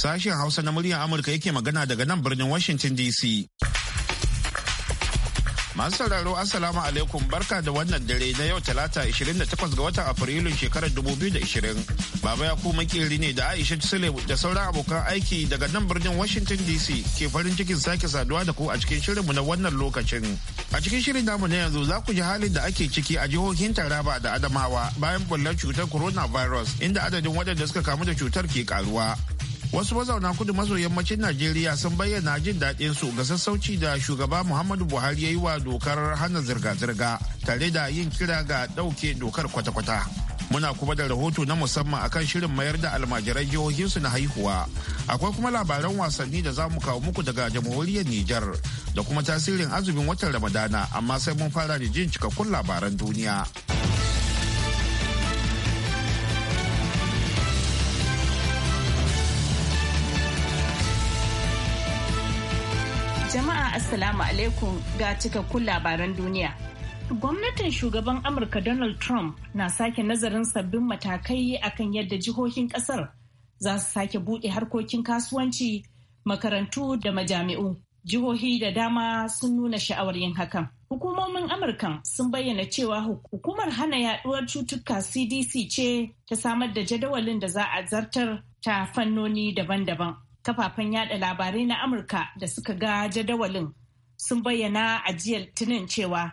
Sashen Hausa na muryar Amurka yake magana daga nan birnin Washington DC. Masu sauraro Assalamu alaikum barka da wannan dare na yau talata 28 ga watan Afrilun shekarar 2020. Baba ya kuma kiri ne da Aisha Sule da sauran abokan aiki daga nan birnin Washington DC ke farin cikin sake saduwa da ku a cikin shirinmu na wannan lokacin. A cikin shirin namu na yanzu za ku ji halin da ake ciki a jihohin Taraba da Adamawa bayan bullar cutar coronavirus inda adadin waɗanda suka kamu da cutar ke karuwa. wasu mazauna kudu maso yammacin najeriya sun bayyana jin daɗin su ga sassauci da shugaba muhammadu buhari ya yi wa dokar hana zirga-zirga tare da yin kira ga ɗauke dokar kwata-kwata muna kuma da rahoto na musamman akan shirin mayar da almajiran jihohinsu na haihuwa akwai kuma labaran wasanni da za mu kawo muku daga jamhuriyar nijar da kuma tasirin azumin watan ramadana amma sai mun fara da jin cikakkun labaran duniya. Assalamu alaikum ga cikakkun labaran duniya. Gwamnatin shugaban Amurka Donald Trump na sake nazarin sabbin matakai akan yadda jihohin kasar za su sake buɗe harkokin kasuwanci, makarantu da majami'u. Jihohi da dama sun nuna sha'awar yin hakan. Hukumomin Amurka sun bayyana cewa hukumar hana yaduwar cutuka CDC ce ta samar da jadawalin da za a zartar ta fannoni daban-daban. kafafen yada labarai na amurka da suka ga jadawalin sun bayyana a jiya litinin cewa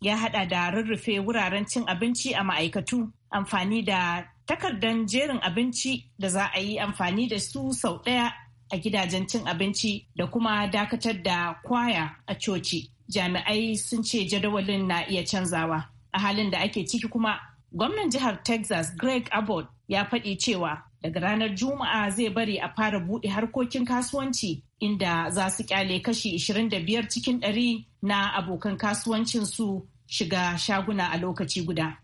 ya hada da rurrufe wuraren cin abinci a ma'aikatu amfani da takardan jerin abinci da za a yi amfani da su sau ɗaya a gidajen cin abinci da kuma dakatar da kwaya a coci jami'ai sun ce jadawalin na iya canzawa a halin da ake ciki kuma gwamnan jihar texas greg abbott ya faɗi cewa daga ranar juma'a zai bari a fara buɗe harkokin kasuwanci inda za su kyale kashi 25 cikin ɗari na abokan kasuwancin su shiga shaguna a lokaci guda.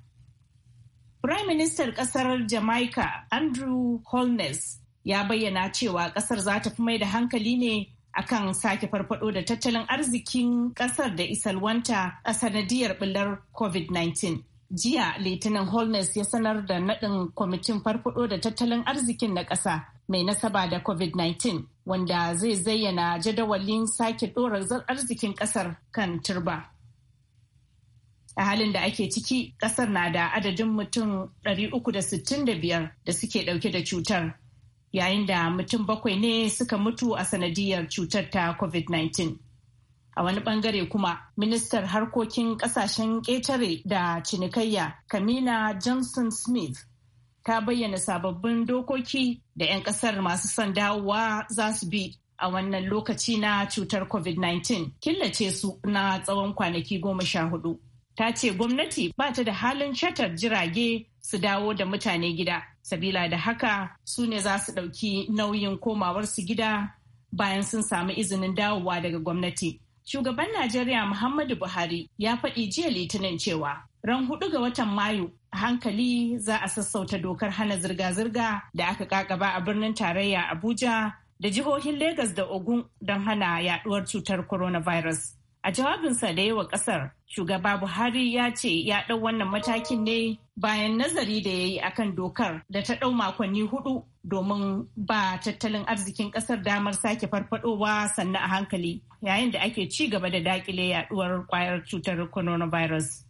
Prime Minister kasar Jamaica Andrew Holness ya bayyana cewa ƙasar za ta fi mai da hankali ne akan sake farfado da tattalin arzikin ƙasar da isalwanta a sanadiyar bular COVID-19. jiya litinin holmes ya sanar da naɗin kwamitin farfado da tattalin arzikin na ƙasa mai nasaba da covid-19 wanda zai zayyana jadawalin sake ɗorazar arzikin ƙasar kan turba a halin da ake ciki ƙasar na da adadin mutum 365 da suke ɗauke da cutar yayin da mutum bakwai ne suka mutu a sanadiyar cutar ta covid-19 a wani bangare kuma ministar harkokin kasashen ƙetare da cinikayya kamina johnson smith ta bayyana sababbin dokoki da 'yan kasar masu son dawowa za su bi a wannan lokaci na cutar covid-19 killace su na tsawon kwanaki goma sha hudu ta ce gwamnati ba ta da halin shatar jirage su dawo da mutane gida sabila da haka su ne za su ɗauki nauyin komawar su gida bayan sun samu izinin dawowa daga gwamnati Shugaban Najeriya Muhammadu Buhari ya faɗi jiya Litinin cewa ran hudu ga watan Mayu a hankali za a sassauta dokar hana zirga-zirga da aka kakaba a birnin tarayya Abuja da jihohin Legas da Ogun don hana yaduwar cutar coronavirus. A jawabinsa da yawa kasar, shugaba Buhari ya ce ya ɗau wannan matakin ne bayan nazari da ya yi akan dokar da ta ɗau makonni hudu domin ba tattalin arzikin kasar damar sake farfadowa sannan a hankali yayin da ake ci gaba da dakile yaduwar kwayar cutar coronavirus.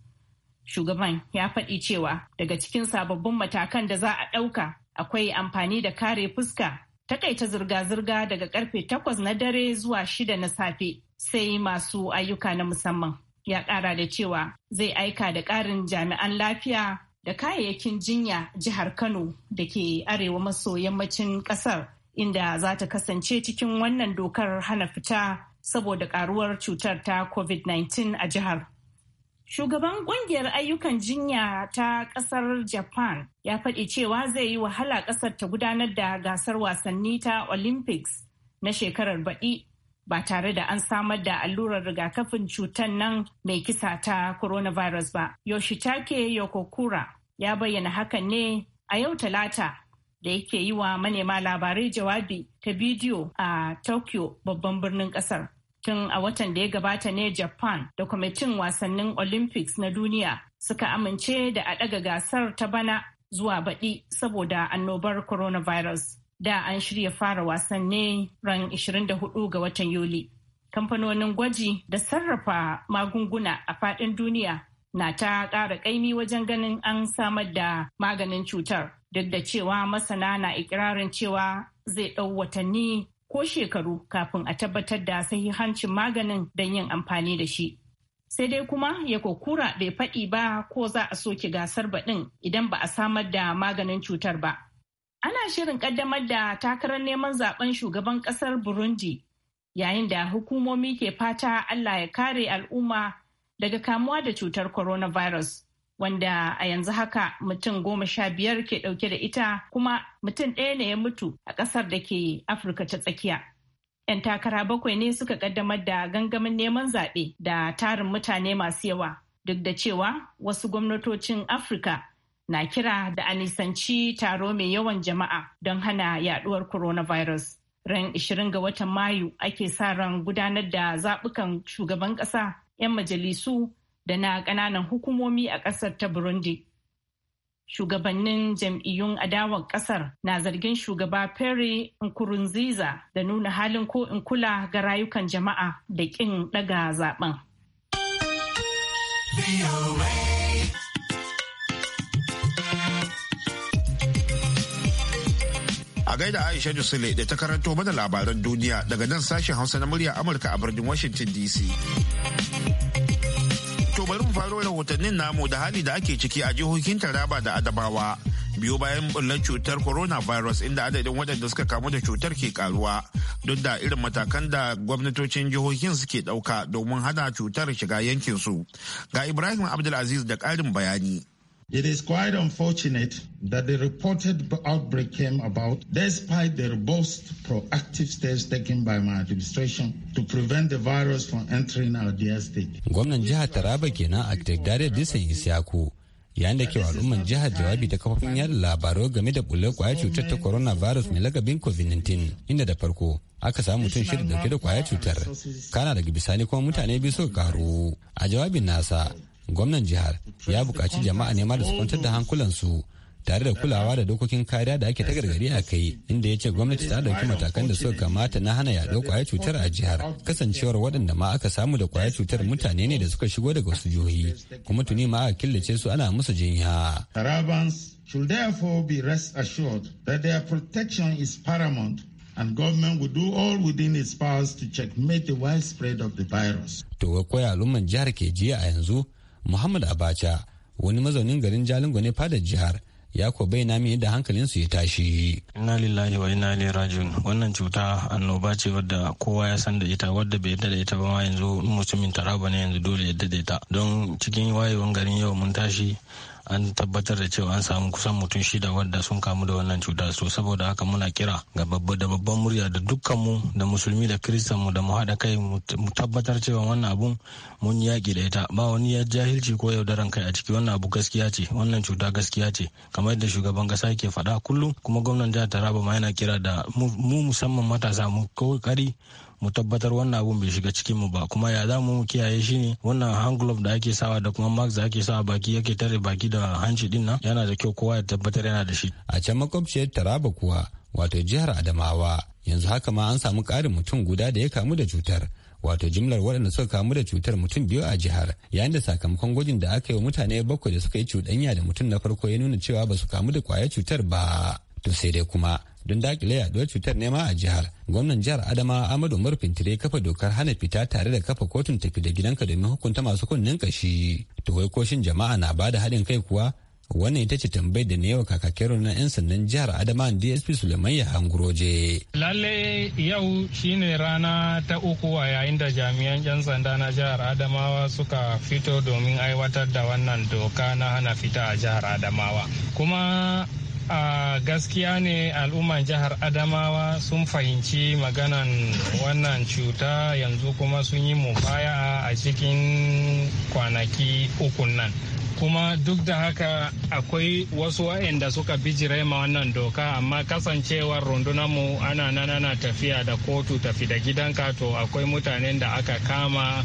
Shugaban ya faɗi cewa daga cikin sababbin matakan da za a ɗauka akwai amfani da kare fuska takaita zirga-zirga daga karfe takwas na dare zuwa shida na safe sai masu ayyuka na musamman. Ya kara da cewa zai aika da ƙarin jami'an lafiya da kayayyakin jinya jihar Kano da ke arewa maso yammacin ƙasar inda za ta kasance cikin wannan dokar hana fita saboda karuwar cutar ta COVID-19 a jihar. Shugaban kungiyar ayyukan jinya ta kasar Japan ya faɗi cewa zai yi wahala ƙasar ta gudanar da gasar wasanni ta Olympics na shekarar baɗi ba tare da an samar da allurar rigakafin cutar nan mai kisa ta coronavirus ba. Yoshitake Yokokura ya bayyana hakan ne a yau talata da yake yi wa manema labarai jawabi ta bidiyo a Tokyo babban birnin kasar. Tun a watan da ya gabata ne Japan da kwamitin wasannin Olympics na duniya suka amince da a ɗaga gasar ta bana zuwa baɗi saboda annobar coronavirus. da an shirya fara wasan ne ran 24 ga watan Yuli. Kamfanonin gwaji da sarrafa magunguna a faɗin duniya na ta ƙara ƙaimi wajen ganin an samar da maganin cutar duk da cewa masana na ikirarin cewa zai ɗau watanni ko shekaru kafin a tabbatar da sai sahihancin maganin don yin amfani da shi. Sai dai kuma ya kokura bai faɗi ba ko za a soke gasar baɗin idan ba a samar da maganin cutar ba. ana shirin kaddamar da takarar neman zaben shugaban kasar burundi yayin da hukumomi ke fata allah ya kare al'umma daga kamuwa da cutar coronavirus wanda a yanzu haka mutum goma sha biyar ke dauke da ita kuma mutum ɗaya ne ya mutu a ƙasar da ke afirka ta tsakiya 'yan takara bakwai ne suka kaddamar da gangamin neman zaɓe da tarin mutane masu yawa duk da cewa wasu gwamnatocin afirka na kira da a nisanci taro mai yawan jama'a don hana yaduwar coronavirus. Ran 20 ga watan Mayu ake sa ran gudanar da zaɓukan shugaban ƙasa, 'yan majalisu da na ƙananan hukumomi a ƙasar ta Burundi. Shugabannin jam'iyyun adawar ƙasar na zargin shugaba Perry Nkurunziza da nuna halin ko in kula ga rayukan jama'a da ƙin ɗaga zaɓen. gaida Aisha sule da ta karanto mana labaran duniya daga nan sashen Hausa na murya Amurka a birnin Washington DC. To bari mu faro rahotannin namu da hali da ake ciki a jihohin Taraba da adabawa biyu bayan bullar cutar coronavirus inda adadin wadanda suka kamu da cutar ke karuwa duk da irin matakan da gwamnatocin jihohin suke ɗauka domin hana cutar shiga yankinsu. Ga Ibrahim Abdulaziz da ƙarin bayani. It is quite unfortunate that the reported outbreak came about despite the robust proactive steps taken by my administration to prevent the virus from entering our dear state. Gwamnan jihar Taraba kenan a Tegdare Disan Isiyaku yayin da ke al'umman jihar jawabi da kafofin yada labarai game da bulle kwaya cutar ta virus mai lagabin covid-19 inda da farko aka samu mutum shida dauke da kwaya cutar kana daga bisani kuma mutane biyu suka karu a jawabin nasa gwamnan jihar ya bukaci jama'a nema da su kwantar da hankulansu tare da kulawa da dokokin kariya da ake ta gargadi a kai inda ya ce gwamnati ta dauki matakan da suka kamata na hana yaɗo kwayar cutar a jihar kasancewar waɗanda ma aka samu da kwayar cutar mutane ne da suka shigo daga wasu jihohi kuma tuni ma aka killace su ana musu jinya. should therefore be rest assured that their protection is paramount and government will do all within its powers to checkmate the widespread of the virus. To koya al'umman jihar ke jiya a yanzu muhammad abacha wani mazaunin garin jalingo ne fadar jihar ya ko bayyana min hankalin su ya tashi. Inna lillahi wa inna ilaihi rajiun wannan cuta annoba ce wadda kowa ya san da ita wadda bai yadda da ita ba ma yanzu mutumin taraba ne yanzu dole ya da ita don cikin wayewan garin yau mun tashi an tabbatar da cewa an samu kusan mutum shida wadda sun kamu da wannan cuta so saboda haka muna kira ga babba da babban murya da dukkanmu da musulmi da kiristanmu da mu haɗa kai mu tabbatar cewa wannan abun mun yaƙi da ita ba wani ya jahilci ko yaudaran kai a ciki wannan abu gaskiya ce wannan cuta gaskiya ce kamar yadda shugaban ƙasa ke faɗa kullum kuma gwamnan jihar taraba ma yana kira da mu musamman matasa mu kokari mu tabbatar wannan abun bai shiga cikin mu ba kuma ya za mu kiyaye shi ne wannan hand glove da ake sawa da kuma mask da ake sawa baki yake tare baki da hanci din nan yana da kyau kowa ya tabbatar yana da shi a can makwabciyar taraba kuwa wato jihar adamawa yanzu haka ma an samu karin mutum guda da ya kamu da cutar wato jimlar waɗanda suka kamu da cutar mutum biyu a jihar yayin da sakamakon gwajin da aka yi wa mutane bakwai da suka yi cuɗanya da mutum na farko ya nuna cewa ba su kamu da kwayar cutar ba to sai dai kuma don dakile yaduwar cutar nema a jihar gwamnan jihar adama amadu murfin tire kafa dokar hana fita tare da kafa kotun tafi da gidanka domin hukunta masu kunnen kashi to wai koshin jama'a na bada haɗin kai kuwa wannan ita ce tambayar da ne wa kakakin na 'yan sandan jihar adama dsp suleiman ya hanguroje lalle yau shine rana ta uku a yayin da jami'an 'yan sanda na jihar adamawa suka fito domin aiwatar da wannan doka na hana fita a jihar adamawa kuma a gaskiya ne al'umman jihar adamawa sun fahimci maganan wannan cuta yanzu kuma sun yi mubaya a cikin kwanaki ukun nan kuma duk da haka akwai wasu waɗanda suka bijire ma wannan doka amma kasancewar rundunanmu ana nan tafiya da kotu tafi da gidanka to akwai mutanen da aka kama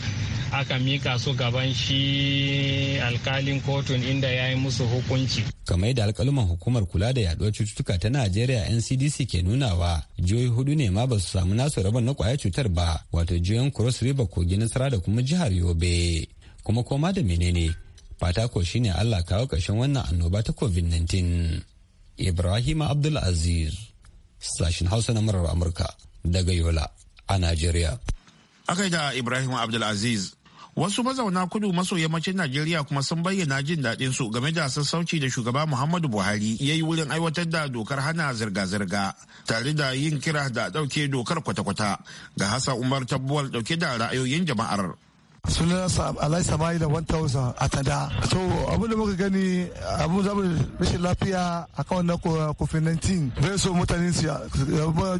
aka mika su gaban shi alkalin kotun inda ya yi musu hukunci. kamar da alkaluman hukumar kula da yaduwar cututtuka ta najeriya ncdc ke nunawa jihohi hudu ne ma ba su samu nasu rabon na kwayar cutar ba wato jihohin cross river kogi nasara da kuma jihar yobe kuma koma da menene fata ko shine allah kawo ƙarshen wannan annoba ta covid-19 ibrahim abdulaziz sashin hausa na murar amurka daga yola a najeriya aka yi da Ibrahim Abdulaziz. Wasu mazauna kudu maso yammacin Najeriya kuma sun bayyana jin daɗin su game da sassauci da shugaba Muhammadu Buhari ya yi wurin aiwatar da dokar hana zirga-zirga tare da yin kira da dauke dokar kwata-kwata ga Hasa Umar Tabbuwal ɗauke da ra'ayoyin jama'ar. sunan alai samai da 1000 a tada so abin da muka gani abu da rashin lafiya a kan wannan covid 19 bai so mutane su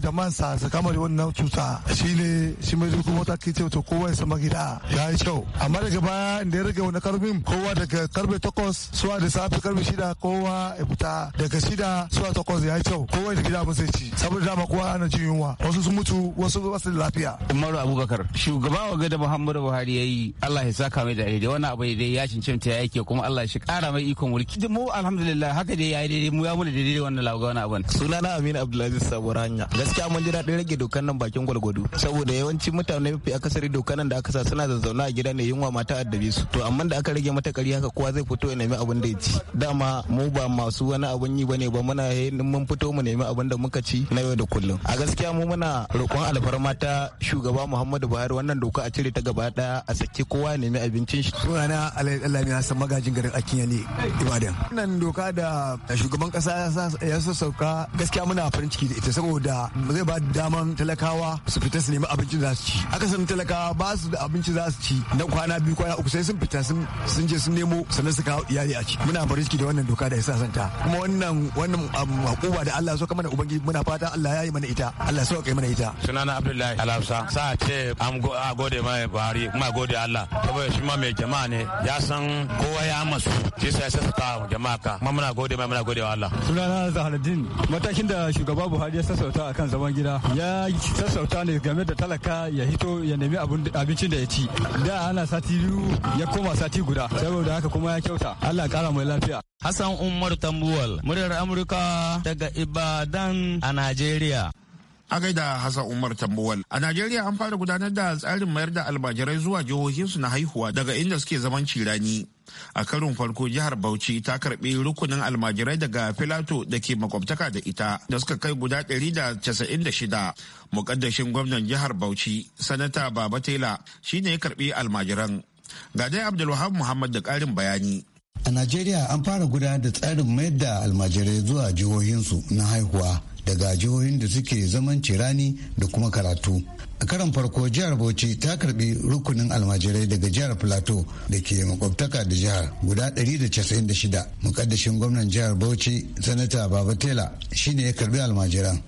jama'an sa su kama da wannan cuta shi ne shi mai duk mota ke cewa kowa ya sama gida ya yi kyau amma daga baya inda ya rage wani karbin kowa daga karbe takwas suwa da safi karbe shida kowa ya fita daga shida suwa takwas ya yi kyau kowa ya gida musai ci saboda dama kowa ana jin yunwa wasu sun mutu wasu ba su da lafiya umaru abubakar shugaba wa gada muhammadu buhari ya yi yi Allah ya saka mai da daidai wani abu dai ya cancanta ya yake kuma Allah shi kara mai ikon mulki mu alhamdulillah haka dai yayi yi daidai mu ya mu da daidai wannan lawa wannan abun sunana Aminu Abdulaziz Sabura hanya gaskiya mun ji daɗin rage dokan nan bakin gwalgwado saboda yawanci mutane mafi akasari dokan nan da aka sa suna zazzauna a gida ne yunwa mata addabi su to amma da aka rage mata kari haka kowa zai fito ya nemi abin da ya ci dama mu ba masu wani abun yi bane ba muna mun fito mu nemi abin da muka ci na yau da kullum a gaskiya mu muna roƙon alfarma ta shugaba Muhammadu Buhari wannan doka a cire ta gaba daya a sake kowa ya nemi abincin shi sunana na San magajin garin akinya ne ibadan Wannan doka da shugaban kasa ya sauka. gaskiya muna farin ciki da ita saboda zai ba daman talakawa su fita su nemi abincin za su ci san talakawa ba su da abinci za su ci na kwana biyu kwana uku sai sun fita sun je sun nemo sannan su kawo iyali a ci muna farin ciki da wannan doka da ya santa. kuma wannan wannan um, hakuba da Allah so mana ubangi muna fata Allah ya yi mana ita Allah so mana ita sunana abdullahi alafsa sa ce am gode mai buhari kuma gode bi Allah saboda shi ma mai jama'a ne ya san kowa ya masu shi sai sai ta jama'a ka kuma muna gode mai muna gode wa Allah sunana Zahaluddin matakin da shugaba Buhari ya sassauta akan zaman gida ya sassauta ne game da talaka ya hito ya nemi abincin da ya ci da ana sati biyu ya koma sati guda saboda haka kuma ya kyauta Allah kara mai lafiya Hassan Umar Tambuwal muryar Amurka daga Ibadan a Najeriya A gaida Hassan Umar Tambuwal. A Najeriya an fara gudanar da tsarin mayar da almajirai zuwa jihohinsu na haihuwa daga inda suke zaman cirani. A karin farko jihar Bauchi ta karbi rukunin almajirai daga Filato da ke makwabtaka da ita da suka kai guda 196. Mukaddashin gwamnan jihar Bauchi, Sanata Baba Tela, shi ne ya karbi almajiran. Ga dai Abdulwahab Muhammad da karin bayani. A Najeriya an fara gudanar da tsarin mayar da almajirai zuwa jihohinsu na haihuwa daga jihohin da suke zaman cirani da kuma karatu a karan farko jihar bauchi ta karbi rukunin almajirai daga jihar plateau da ke makwabtaka da jihar guda 196 mukaddashin gwamnan jihar bauchi sanata baba tela shine ya karbi almajiran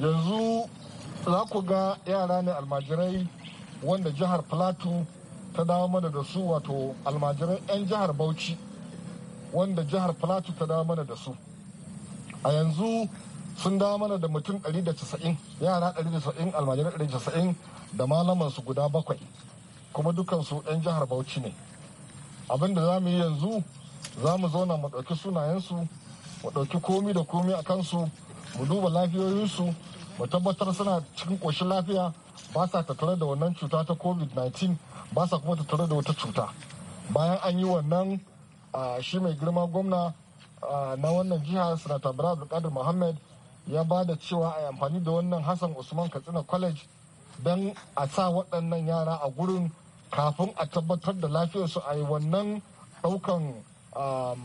yanzu za ku ga yara ne almajirai wanda jihar plateau ta dawo mana da su wato almajirai 'yan jihar bauchi wanda jihar plateau ta dawo mana da su a yanzu sun dawo mana da mutum 190 yara 190 almajirai 190 da malaman su guda bakwai kuma dukansu 'yan jihar bauchi ne abin da za mu yi yanzu za mu zauna mu ɗauki sunayensu mu ɗauki komi da komi a kansu mu duba lafiyoyinsu mu tabbatar suna cikin ƙoshin lafiya ba sa tattare da wannan cuta ta covid-19 ba sa kuma tattare da wata cuta bayan an yi wannan shi mai girma gwamna na wannan jiha sanata bala abdulkadir muhammad ya ba da cewa a yi amfani da wannan hassan usman katsina college don a sa waɗannan yara a gurin kafin a tabbatar da lafiyarsu a yi wannan ɗaukan um,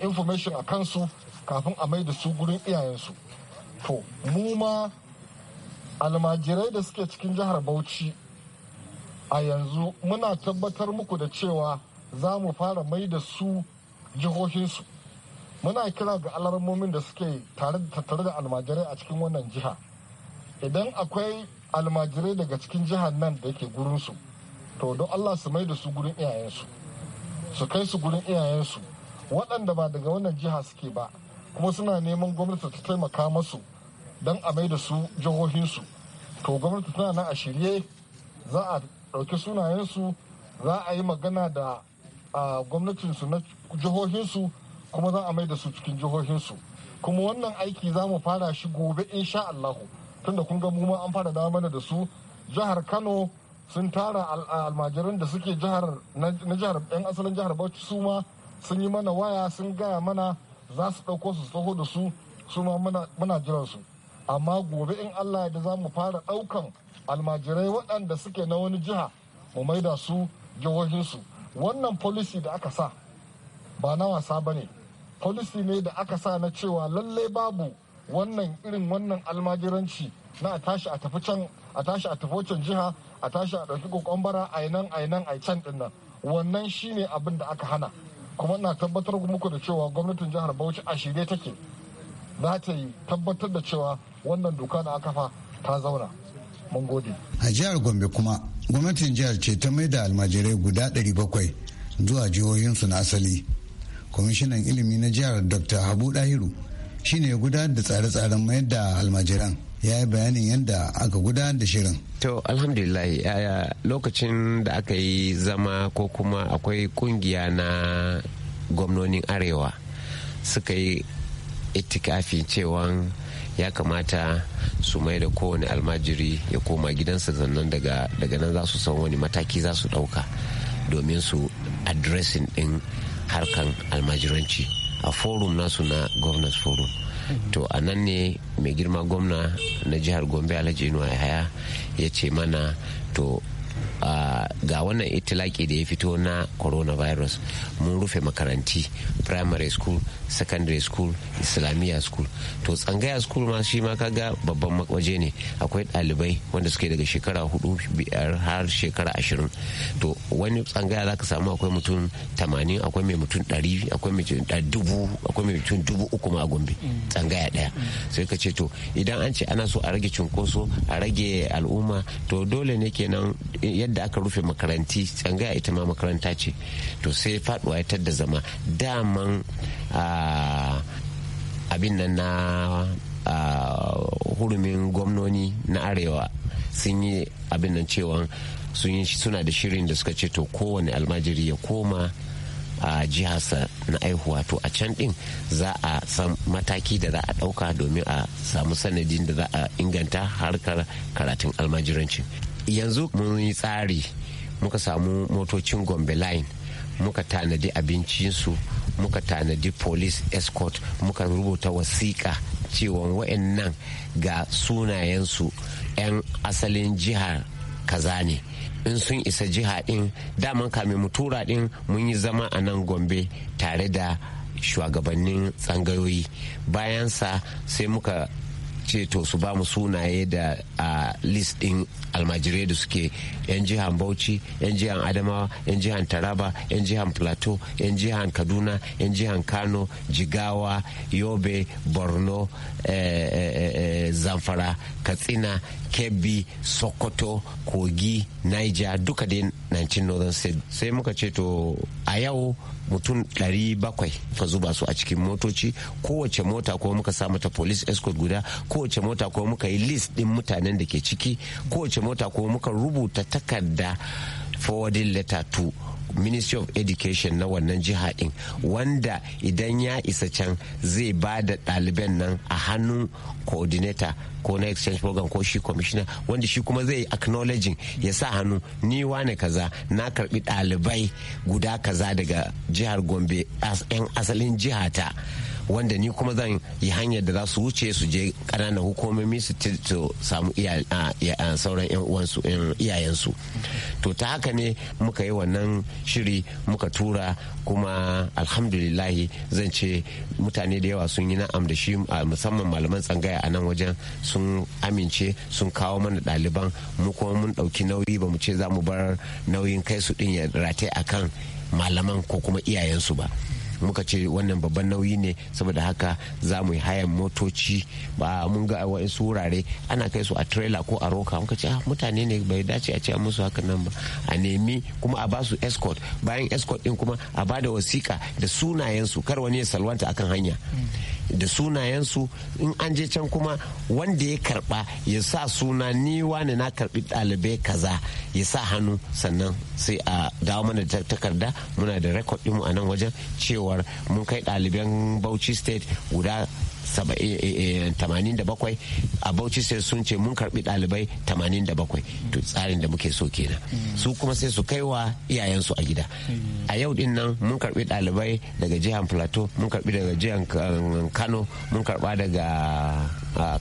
information a kansu kafin a mai da su gurin iyayensu to mu ma almajirai da suke cikin jihar bauchi a yanzu muna tabbatar muku da cewa za mu fara mai da su jihohinsu muna kira ga alarmomin da suke tare tattare da almajirai a cikin wannan jiha idan akwai almajirai daga cikin jihar nan da ke gurinsu to don allah su mai da su gurin iyayensu su kai su gurin iyayensu waɗanda ba daga wannan jiha suke ba kuma suna neman gwamnati ta taimaka masu don a mai da su jihohinsu to gwamnati tana na a shirye za a ɗauki sunayensu za a yi magana da a gwamnatinsu na jihohinsu kuma za a mai da su cikin jihohinsu kuma wannan aiki za mu fara shi gobe insha Allahu tunda kun ga mu ma an fara dawo mana da su jihar Kano sun tara almajiran da suke jihar na jihar yan asalin jihar Bauchi su ma sun yi mana waya sun gaya mana za su ɗauko su tsoho da su su ma muna jiran su amma gobe in Allah da za mu fara ɗaukan almajirai waɗanda suke na wani jiha mu maida su jihohinsu wannan policy da aka sa ba na wasa ba ne policy ne da aka sa na cewa lalle babu wannan irin wannan almajiranci na a tashi a tafi can a tashi a tafi can jiha a tashi a ɗauki kokon bara a nan a nan a can ɗin nan wannan shine abin da aka hana kuma na tabbatar muku da cewa gwamnatin jihar bauchi a shirye take za ta yi tabbatar da cewa wannan doka da aka fa ta zauna a jihar gombe kuma gwamnatin jihar ce ta maida almajirai guda 700 zuwa jihohinsu na asali kwamishinan ilimi na jihar dr habu dahiru shine ya gudanar da tsare-tsaren mayar da almajiran ya yi bayanin yadda aka gudanar da shirin. To alhamdulillah lokacin da aka yi zama ko kuma akwai kungiya na gwamnonin arewa suka yi itikafi cewa ya kamata su mai da kowane almajiri ya koma gidansa sannan daga nan za su san wani mataki za su ɗauka domin su addressing ɗin harkan almajiranci a forum nasu na governance forum to a nan ne mai girma gwamna na jihar gombe alhaji inuwa haya ya ce mana to ga wannan itilaki da ya fito na coronavirus mun rufe makaranti primary school secondary school islamiyya school to tsangaya school ma shi ma kaga babban waje ne akwai ɗalibai wanda suke daga shekara hudu biyar har shekara ashirin to wani tsangaya za ka samu akwai mutum tamanin akwai mai mutum ɗari akwai mai dubu akwai mai mutum dubu uku ma a gombe tsangaya ɗaya sai ka ce to idan an ce ana so a rage cunkoso a rage al'umma to dole ne kenan yadda aka rufe makaranti tsangaya ita ma makaranta ce to sai faduwa ya da zama daman abin nan na hurumin gwamnoni na arewa sun yi abin nan cewa suna da shirin da suka ce to kowane almajiri ya koma a jihasa na aihuwa to a can din za a san mataki da za a ɗauka domin a samu sanadin da za a inganta harkar karatun almajiranci yanzu mun yi tsari muka samu motocin gombe line muka tanadi abincinsu muka tanadi police escort muka rubuta wasiƙa cewa wa'annan ga sunayensu 'yan asalin jihar kaza ne in sun isa jiha ɗin daman kamin mu tura ɗin mun yi zama a nan gombe tare da shugabannin tsangayoyi bayansa sai muka ce su ba mu sunaye da a list din almajirai da suke yan jihan bauchi yan jihan adamawa yan jihan taraba yan jihan plateau yan jihan kaduna yan jihan kano jigawa yobe borno eh, eh, eh, zamfara katsina kebbi sokoto kogi niger duka dai 19 northern state sai muka ce to a yau mutum 700 ka zuba su a cikin motoci kowace mota ko muka sa mata police escort guda kowace mota ko muka yi list din mutanen da ke ciki kowace mota ko muka rubuta takarda forwarding letter to ministry of education na wannan jiha din wanda idan ya isa can zai ba da ɗaliban nan a hannun coordinator ko na exchange program ko shi commissioner wanda shi kuma zai acknowledging ya sa hannu ni wane kaza na karbi ɗalibai guda kaza daga jihar gombe as 'yan asalin jihata wanda ni kuma zan yi hanyar da za su wuce su je kananan hukumomi su samu sauran uwansu iyayensu to ta haka ne muka yi wannan shiri muka tura kuma alhamdulillahi zan ce mutane da yawa sun yi na'am da shi musamman malaman tsangaya a nan wajen sun amince sun kawo mana ɗaliban mu kuma mun ɗauki nauyi ba mu ce za mu bar nauyin kai su ɗin ya rataye akan malaman ko kuma iyayensu ba. muka ce wannan babban nauyi ne saboda haka za mu yi hayan motoci ba mun ga wasu wurare ana kai su a trailer ko a roka muka ce ah, mutane ne bai dace a ce musu haka nan ba a nemi kuma a ba su escort bayan escort din kuma a ba da wasiƙa da sunayensu kar wani ya salwanta akan hanya da sunayensu in an je can kuma wanda ya karba ya sa suna ni wani na karbi ɗalibai kaza ya sa hannu sannan sai a dawo mana da takarda muna da rekod ɗinmu a nan wajen cewa cewar mun kai ɗaliban bauchi state guda 87 eh, eh, eh, a bauchi state sun ce mun karbi ɗalibai 87 to tsarin da muke so kenan su kuma sai su kai wa iyayensu a gida a yau din nan mun karbi ɗalibai daga jihar plateau mun karbi daga jihar kano mun karba daga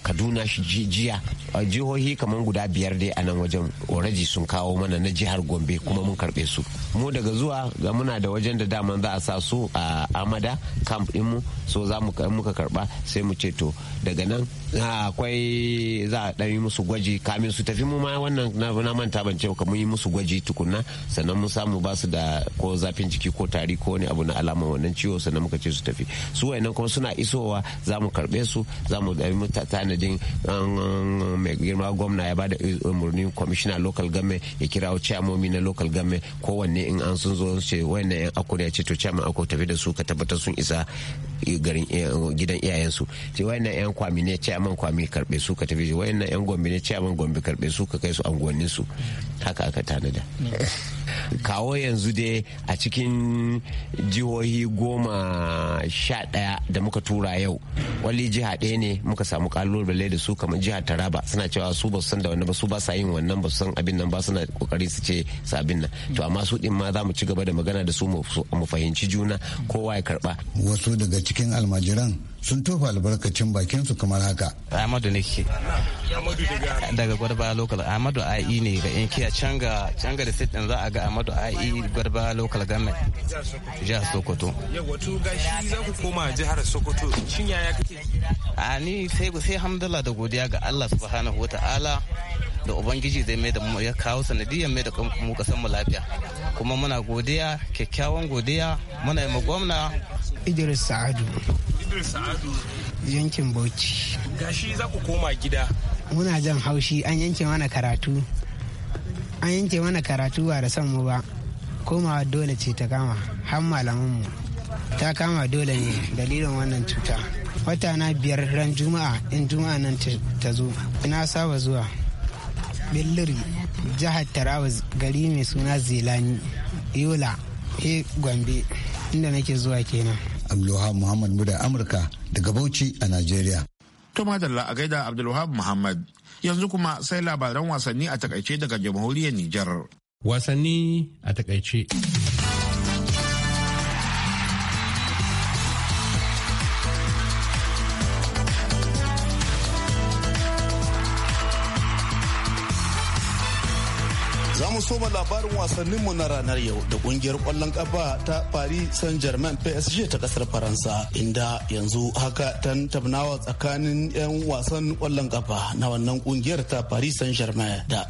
kaduna jiya jihohi kamar guda biyar dai a nan wajen oraji sun kawo mana na jihar gombe kuma mun karbe su mu daga zuwa ga muna da wajen da daman za a sa su a amada camp mu so za mu kai muka karba sai mu ce to daga nan akwai za a ɗan musu gwaji kamin su tafi mu ma wannan na manta ban ce mun yi musu gwaji tukunna sannan mun samu ba su da ko zafin jiki ko tari ko wani abu na alamar wannan ciwo sannan muka ce su tafi su wayannan kuma suna isowa za mu karbe su za mu tanadin um, um, um, mai girma gwamna ya bada umarnin commissioner local government ya kirawo chairmomi na local government kowanne in an sun zo ce wannan yan akure ya ce to chairman ako tafi da su ka tabbatar sun isa garin eh, gidan iyayensu ce wayannan yan kwami ne chairman kwami karbe su ka tafi wayannan yan gombe ne chairman gombe karbe su ka kai su anguwannin su haka aka tanada kawo yanzu dai a cikin jihohi goma sha daya da muka tura yau wali jiha ɗaya ne muka samu kalubale da su kamar jihar taraba suna cewa su ba san da wannan ba su ba sa yin wannan ba su san abin nan ba suna kokarin su ce sabin nan to amma su din ma za mu ci gaba da magana da su mu fahimci juna kowa ya karba wasu daga cikin almajiran sun tofa albarkacin bakin su kamar haka. Ahmadu nake. Daga Gwarba Local Ahmadu Ai e ne ga in kiya canga canga da ga din za a ga Ahmadu Ai e Gwarba Local Government jihar Sokoto. Yawwa to gashi za ku koma jihar Sokoto shin yaya kake? A ni sai sai hamdala da godiya ga Allah subhanahu wataala da ubangiji zai mai da mu ya kawo sanadiyar mai da mu kasan mu lafiya kuma muna godiya kyakkyawan godiya muna yi gwamna idris sa'adu Abdul Sa'adu. Yankin Bauchi. Gashi za ku koma gida. Muna jan haushi an yanke mana karatu. An yanke mana karatu ba da san mu ba. Komawa dole ce ta kama har malamanmu. Ta kama dole ne dalilin wannan cuta. Wata na biyar ran Juma'a in Juma'a nan ta zo. Na saba zuwa. Billiri jihar Taraba gari mai suna Zelani. Yola. He Gombe inda nake zuwa kenan. abdulwahab muhammad muda amurka daga bauchi a nigeria to madalla a gaida abdulwahab muhammad yanzu kuma sai labaran wasanni a takaice daga jamhuriyar nijar wasanni a takaice soma labarin wasannin mu na ranar yau da kungiyar kwallon kafa ta Paris Saint-Germain PSG ta kasar Faransa inda yanzu haka tan tabnawa tsakanin 'yan wasan kwallon kafa na wannan kungiyar ta Paris Saint-Germain da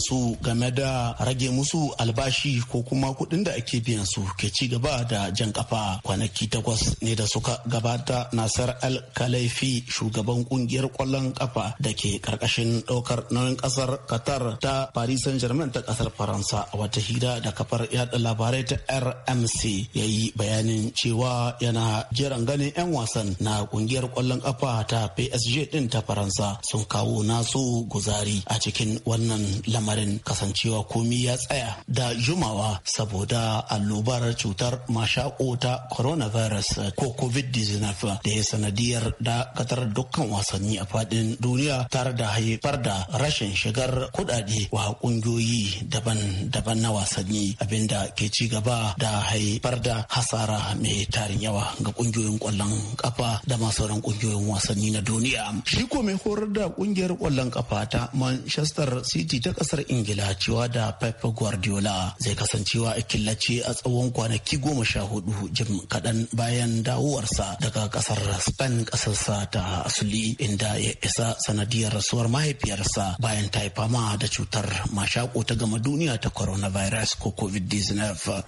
su game da rage musu albashi ko kuma kuɗin da ake biyan su ke ci gaba da jan kafa kwanaki takwas ne da suka gabata Nasar El Khalaifi shugaban kungiyar kwallon kafa da ke karkashin ɗaukar nauyin kasar Qatar ta Paris Saint-Germain ta kasar faransa a wata hira da kafar yada labarai ta rmc ya yi bayanin cewa yana jiran ganin 'yan wasan na kungiyar kwallon kafa ta psg din ta faransa sun kawo nasu guzari a cikin wannan lamarin kasancewa komi ya tsaya da jumawa saboda allobar cutar mashako ta coronavirus ko covid-19 da ya sanadiyar dakatar dukkan wasanni a fadin duniya tare da haifar da rashin shigar kudade wa kungiyoyi daban-daban na wasanni abinda ke ci gaba da haifar da hasara mai tarin yawa ga kungiyoyin kwallon kafa da masu sauran kungiyoyin wasanni na duniya. Shi ko mai horar da kungiyar kwallon kafa ta Manchester City ta kasar Ingila cewa da Pep Guardiola zai kasancewa a killace a tsawon kwanaki goma sha hudu jim kaɗan bayan dawowarsa daga kasar Spain kasarsa ta asuli inda ya isa sanadiyar rasuwar mahaifiyarsa bayan ta yi fama da cutar mashako ta gama duniya ta coronavirus ko covid-19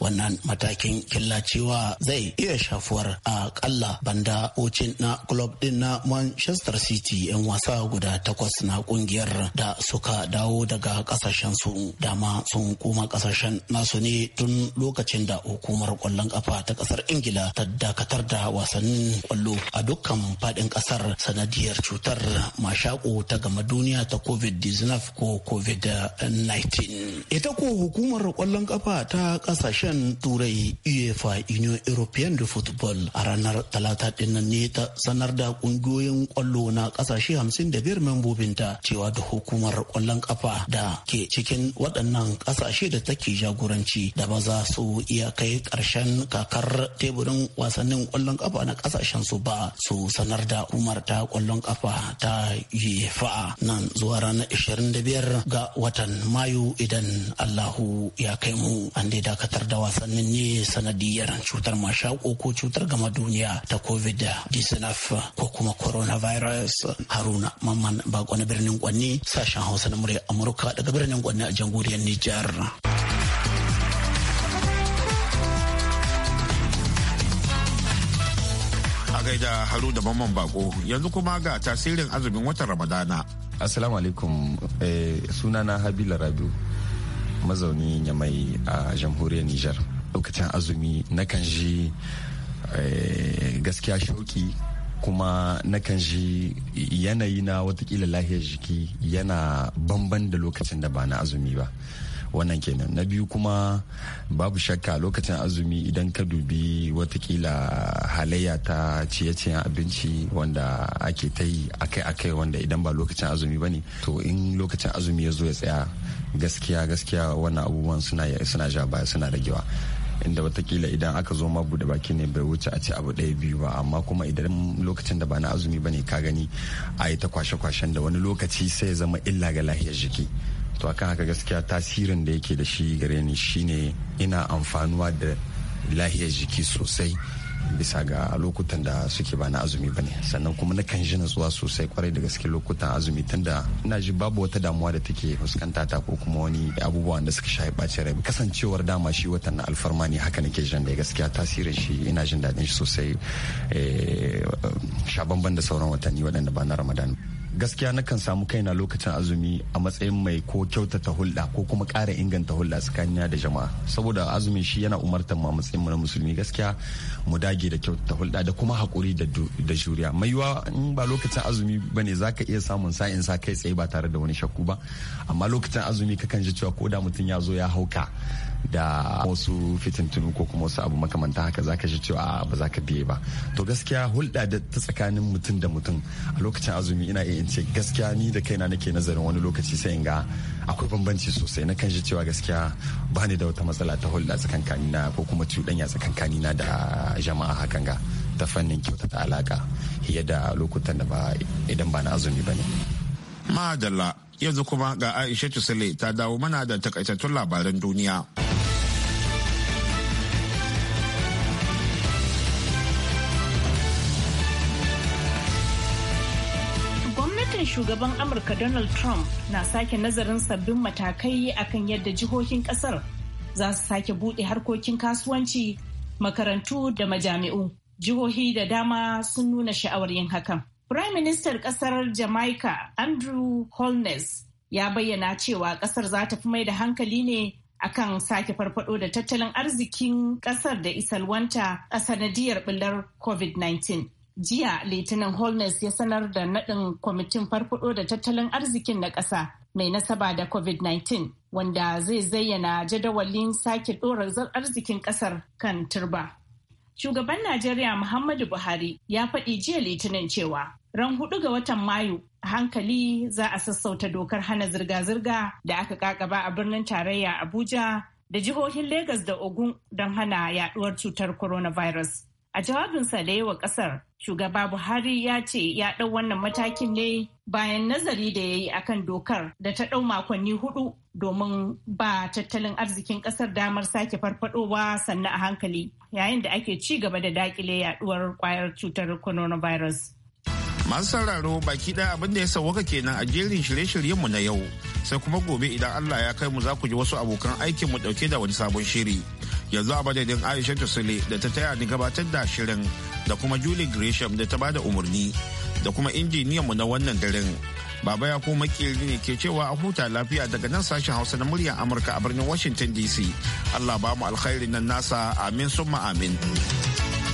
wannan matakin killacewa zai iya shafuwar a kalla banda ocin na club din na manchester city 'yan wasa guda takwas na kungiyar da suka dawo daga kasashen su dama sun koma kasashen nasu ne tun lokacin da hukumar kwallon kafa ta kasar ingila ta dakatar da wasannin kwallo a dukkan fadin kasar sanadiyar cutar mashako ta gama duniya ta covid-19 ko covid-19 Ita ko hukumar kwallon kafa ta kasashen turai UEFA Union European de Football a ranar talata dinnan ne ta sanar da kungiyoyin kwallo na kasashe 55 membobinta cewa da hukumar kwallon kafa da ke cikin waɗannan kasashe da take jagoranci da ba za su iya kai ƙarshen kakar teburin wasannin kwallon kafa na kasashen su ba su sanar da umar ta kwallon kafa ta UEFA nan zuwa ranar 25 ga watan Mayu idan Allahu ya kai mu an dai dakatar da wasannin ne sanadiyar cutar mashako ko cutar gama duniya ta COVID-19 ko kuma coronavirus Haruna Mamman bako na birnin Kwanni sashen Hausa na murya Amurka daga birnin Kwanni a jamhuriyar Nijar. A gaida haru da mamman bako yanzu kuma ga tasirin azumin watan Ramadana. Assalamu alaikum eh, sunana Habila Rabiu. mazauni ya mai a jamhuriyar nijar lokacin azumi nakan ji eh, gaskiya shauki kuma nakan ji yanayi na watakila lahiyar jiki yana bamban da lokacin da ba na azumi ba wannan kenan na biyu kuma babu shakka lokacin azumi idan ka dubi watakila halayya ta ciye-ciyen abinci wanda ake ta yi akai-akai wanda idan ba lokacin azumi ba ne to in lokacin azumi ya zo ya tsaya gaskiya gaskiya wannan abubuwan suna suna ja baya suna ragewa inda watakila idan aka zo ma bude baki ne bai wuce a ci abu ɗaya biyu ba amma kuma idan lokacin da ba na azumi ba ne ka gani a yi ta kwashe-kwashen da wani lokaci sai ya zama illa ga lahiyar jiki to akan haka gaskiya tasirin da yake da shi gare ni shine ina amfanuwa da lahiyar jiki sosai bisa ga lokutan da suke ba na azumi ba ne sannan kuma na kan ji natsuwa sosai kwarai da gaske lokutan azumi tunda ina ji babu wata damuwa da take fuskanta ta ko kuma wani abubuwan da suka shafi bacin rai kasancewar dama shi watan na alfarma ne haka nake jin da gaskiya tasirin shi ina jin daɗin shi sosai eh, sha da sauran watanni waɗanda ba na ramadan gaskiya nakan samu kaina lokacin azumi a matsayin mai ko kyautata hulɗa ko kuma ƙara inganta hulɗa tsakanina da jama'a saboda azumi shi yana umartar ma matsayin na musulmi gaskiya mu dage da kyautata hulɗa da kuma haƙuri da juriya mai yiwa in ba lokacin azumi ba ne za ka iya samun sa'in sa kai tsaye ba tare da wani shakku ba amma lokacin azumi kakan ji cewa ko da mutum ya zo ya hauka da wasu fitintunu ko kuma wasu abu makamanta haka zaka ji cewa ba za ka biye ba to gaskiya hulɗa da ta tsakanin mutum da mutum a lokacin azumi ina iya ce gaskiya ni da kaina nake nazarin wani lokaci sai in ga akwai bambanci sosai na kan ji cewa gaskiya ba ni da wata matsala ta hulɗa na ko kuma cuɗanya na da jama'a hakan ga ta fannin kyauta ta alaka fiye da lokutan da ba idan ba na azumi ba ne. Madalla yanzu kuma ga Aisha Tusale ta dawo mana da takaitattun labaran duniya. shugaban Amurka Donald Trump na sake nazarin sabbin matakai akan yadda jihohin kasar za su sake buɗe harkokin kasuwanci, makarantu da majami'u. Jihohi da dama sun nuna sha'awar yin hakan. Prime Minister kasar Jamaica Andrew Holness ya bayyana cewa kasar za ta fi mai da hankali ne akan sake farfado da tattalin arzikin kasar da isalwanta a sanadiyar bular COVID-19. jiya litinin holness ya sanar da naɗin kwamitin farfado da tattalin arzikin na ƙasa mai nasaba da covid-19 wanda zai zayyana jadawalin sake ɗora arzikin ƙasar kan turba shugaban najeriya muhammadu buhari ya faɗi jiya litinin cewa ran hudu ga watan mayu a hankali za a sassauta dokar hana zirga-zirga da aka kakaba a birnin tarayya abuja da jihohin Legas da Ogun don hana yaduwar cutar coronavirus. A jawabinsa da yawa kasar, shugaba Buhari ya ce ya ɗau wannan matakin ne bayan nazari da ya yi akan dokar da ta ɗau makonni hudu domin ba tattalin arzikin kasar damar sake farfadowa sannan a hankali yayin da ake ci gaba da dakile yaduwar kwayar cutar coronavirus. Masu sauraro baki ɗaya abin da ya sauwaka kenan a jerin shirye-shiryenmu na yau sai kuma gobe idan Allah ya kai mu za ku ji wasu abokan aikinmu ɗauke da wani sabon shiri. yanzu a madadin aisha sule da ta taya ni gabatar da shirin da kuma julie gresham da ta ba da umarni da kuma mu na wannan daren baba ya kuma makeri ne ke cewa a huta lafiya daga nan sashen hausa na muryar amurka a birnin washington dc allah ba mu alkhairin nan nasa amin summa amin